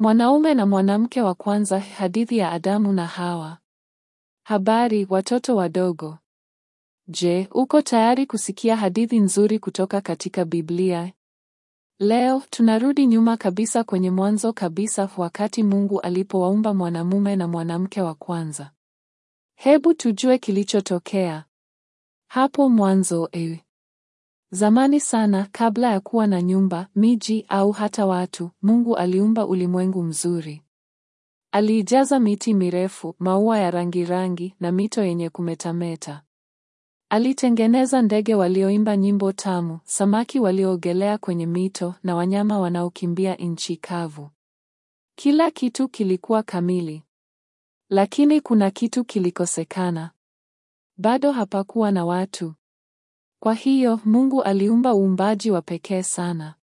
Mwanaume na mwanamke wa kwanza, hadithi ya Adamu na Hawa. Habari watoto wadogo. Je, uko tayari kusikia hadithi nzuri kutoka katika Biblia? Leo tunarudi nyuma kabisa kwenye mwanzo kabisa, wakati Mungu alipowaumba mwanamume na mwanamke wa kwanza. Hebu tujue kilichotokea hapo mwanzo. Ewe eh, Zamani sana, kabla ya kuwa na nyumba, miji au hata watu, Mungu aliumba ulimwengu mzuri. Aliijaza miti mirefu, maua ya rangi rangi na mito yenye kumetameta. Alitengeneza ndege walioimba nyimbo tamu, samaki walioogelea kwenye mito na wanyama wanaokimbia nchi kavu. Kila kitu kilikuwa kamili. Lakini kuna kitu kilikosekana. Bado hapakuwa na watu. Kwa hiyo Mungu aliumba uumbaji wa pekee sana.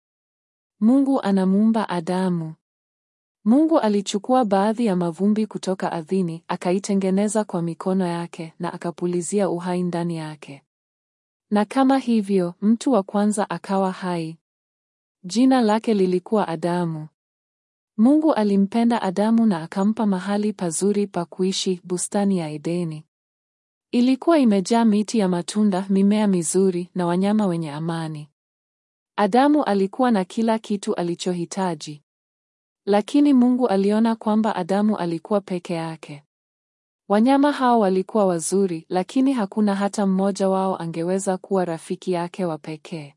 Mungu anamuumba Adamu. Mungu alichukua baadhi ya mavumbi kutoka ardhini, akaitengeneza kwa mikono yake na akapulizia uhai ndani yake. Na kama hivyo, mtu wa kwanza akawa hai. Jina lake lilikuwa Adamu. Mungu alimpenda Adamu na akampa mahali pazuri pa kuishi, bustani ya Edeni. Ilikuwa imejaa miti ya matunda, mimea mizuri na wanyama wenye amani. Adamu alikuwa na kila kitu alichohitaji. Lakini Mungu aliona kwamba Adamu alikuwa peke yake. Wanyama hao walikuwa wazuri, lakini hakuna hata mmoja wao angeweza kuwa rafiki yake wa pekee.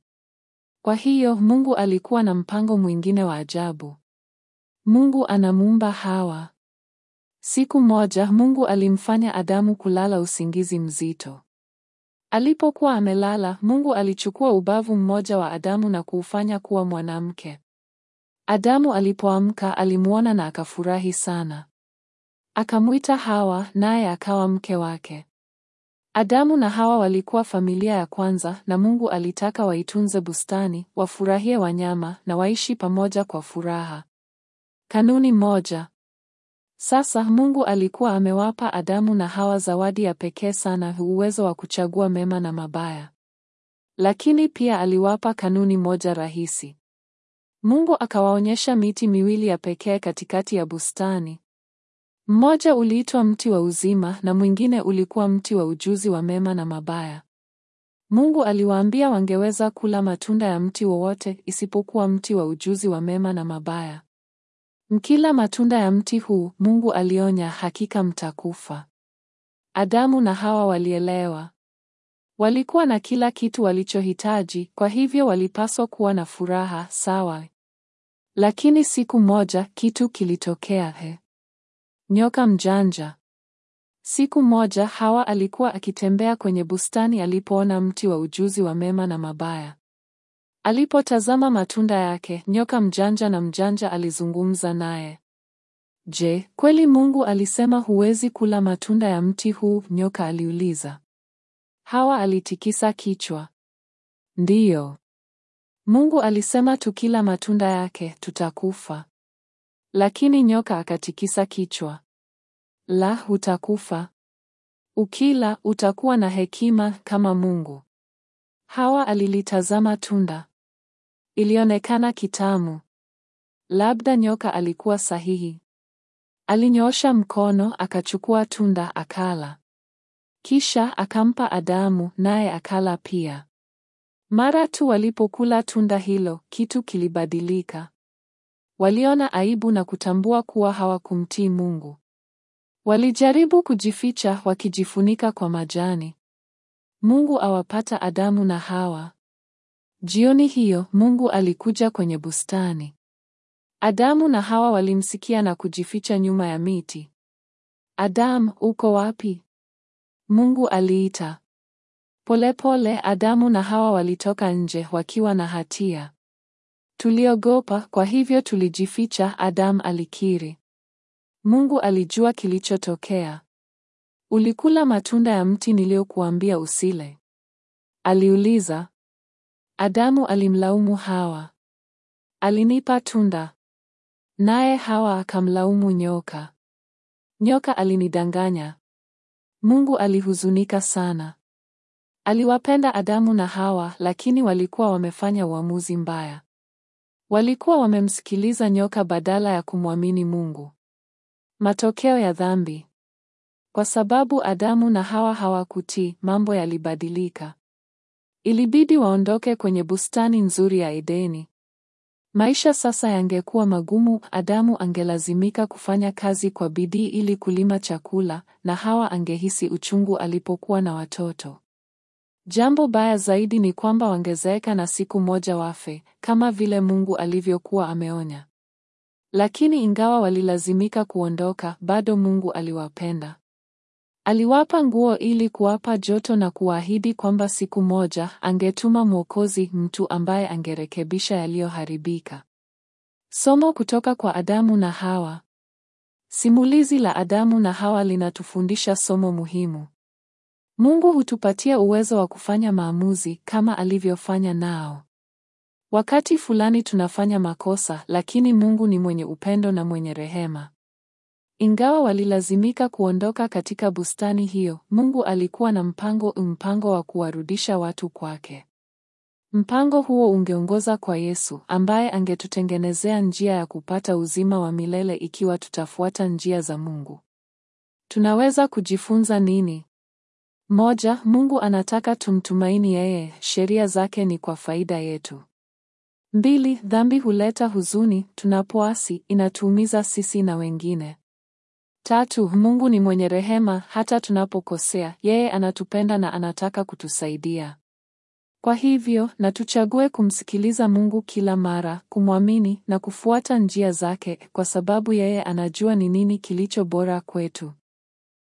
Kwa hiyo Mungu alikuwa na mpango mwingine wa ajabu. Mungu anamuumba Hawa Siku moja Mungu alimfanya Adamu kulala usingizi mzito. Alipokuwa amelala, Mungu alichukua ubavu mmoja wa Adamu na kuufanya kuwa mwanamke. Adamu alipoamka alimwona na akafurahi sana. Akamwita Hawa naye akawa mke wake. Adamu na Hawa walikuwa familia ya kwanza na Mungu alitaka waitunze bustani, wafurahie wanyama na waishi pamoja kwa furaha. Kanuni moja. Sasa Mungu alikuwa amewapa Adamu na Hawa zawadi ya pekee sana, uwezo wa kuchagua mema na mabaya. Lakini pia aliwapa kanuni moja rahisi. Mungu akawaonyesha miti miwili ya pekee katikati ya bustani. Mmoja uliitwa mti wa uzima na mwingine ulikuwa mti wa ujuzi wa mema na mabaya. Mungu aliwaambia wangeweza kula matunda ya mti wowote isipokuwa mti wa ujuzi wa mema na mabaya. Mkila matunda ya mti huu, Mungu alionya, hakika mtakufa. Adamu na Hawa walielewa. Walikuwa na kila kitu walichohitaji, kwa hivyo walipaswa kuwa na furaha, sawa? Lakini siku moja kitu kilitokea. He, nyoka mjanja! Siku moja Hawa alikuwa akitembea kwenye bustani alipoona mti wa ujuzi wa mema na mabaya. Alipotazama matunda yake, nyoka mjanja na mjanja alizungumza naye. Je, kweli Mungu alisema huwezi kula matunda ya mti huu? Nyoka aliuliza. Hawa alitikisa kichwa. Ndiyo. Mungu alisema tukila matunda yake tutakufa. Lakini nyoka akatikisa kichwa. La, hutakufa. Ukila utakuwa na hekima kama Mungu. Hawa alilitazama tunda. Ilionekana kitamu. Labda nyoka alikuwa sahihi. Alinyoosha mkono akachukua tunda akala. Kisha akampa Adamu naye akala pia. Mara tu walipokula tunda hilo, kitu kilibadilika. Waliona aibu na kutambua kuwa hawakumtii Mungu. Walijaribu kujificha wakijifunika kwa majani. Mungu awapata Adamu na Hawa. Jioni hiyo Mungu alikuja kwenye bustani. Adamu na Hawa walimsikia na kujificha nyuma ya miti. Adam, uko wapi? Mungu aliita. Polepole Adamu na Hawa walitoka nje wakiwa na hatia. Tuliogopa, kwa hivyo tulijificha, Adam alikiri. Mungu alijua kilichotokea. Ulikula matunda ya mti niliyokuambia usile? Aliuliza. Adamu alimlaumu Hawa, alinipa tunda, naye Hawa akamlaumu nyoka, nyoka alinidanganya. Mungu alihuzunika sana. Aliwapenda Adamu na Hawa, lakini walikuwa wamefanya uamuzi mbaya. Walikuwa wamemsikiliza nyoka badala ya kumwamini Mungu. Matokeo ya dhambi. Kwa sababu Adamu na Hawa hawakutii, mambo yalibadilika. Ilibidi waondoke kwenye bustani nzuri ya Edeni. Maisha sasa yangekuwa magumu. Adamu angelazimika kufanya kazi kwa bidii ili kulima chakula, na Hawa angehisi uchungu alipokuwa na watoto. Jambo baya zaidi ni kwamba wangezeeka na siku moja wafe, kama vile Mungu alivyokuwa ameonya. Lakini ingawa walilazimika kuondoka, bado Mungu aliwapenda. Aliwapa nguo ili kuwapa joto na kuahidi kwamba siku moja angetuma Mwokozi, mtu ambaye angerekebisha yaliyoharibika. Somo kutoka kwa Adamu na Hawa. Simulizi la Adamu na Hawa linatufundisha somo muhimu. Mungu hutupatia uwezo wa kufanya maamuzi kama alivyofanya nao. Wakati fulani tunafanya makosa, lakini Mungu ni mwenye upendo na mwenye rehema. Ingawa walilazimika kuondoka katika bustani hiyo, Mungu alikuwa na mpango, mpango wa kuwarudisha watu kwake. Mpango huo ungeongoza kwa Yesu ambaye angetutengenezea njia ya kupata uzima wa milele ikiwa tutafuata njia za Mungu. Tunaweza kujifunza nini? Moja, Mungu anataka tumtumaini yeye, sheria zake ni kwa faida yetu. Mbili, dhambi huleta huzuni, tunapoasi inatuumiza sisi na wengine. Tatu, Mungu ni mwenye rehema. Hata tunapokosea, yeye anatupenda na anataka kutusaidia. Kwa hivyo, na tuchague kumsikiliza Mungu kila mara, kumwamini na kufuata njia zake, kwa sababu yeye anajua ni nini kilicho bora kwetu.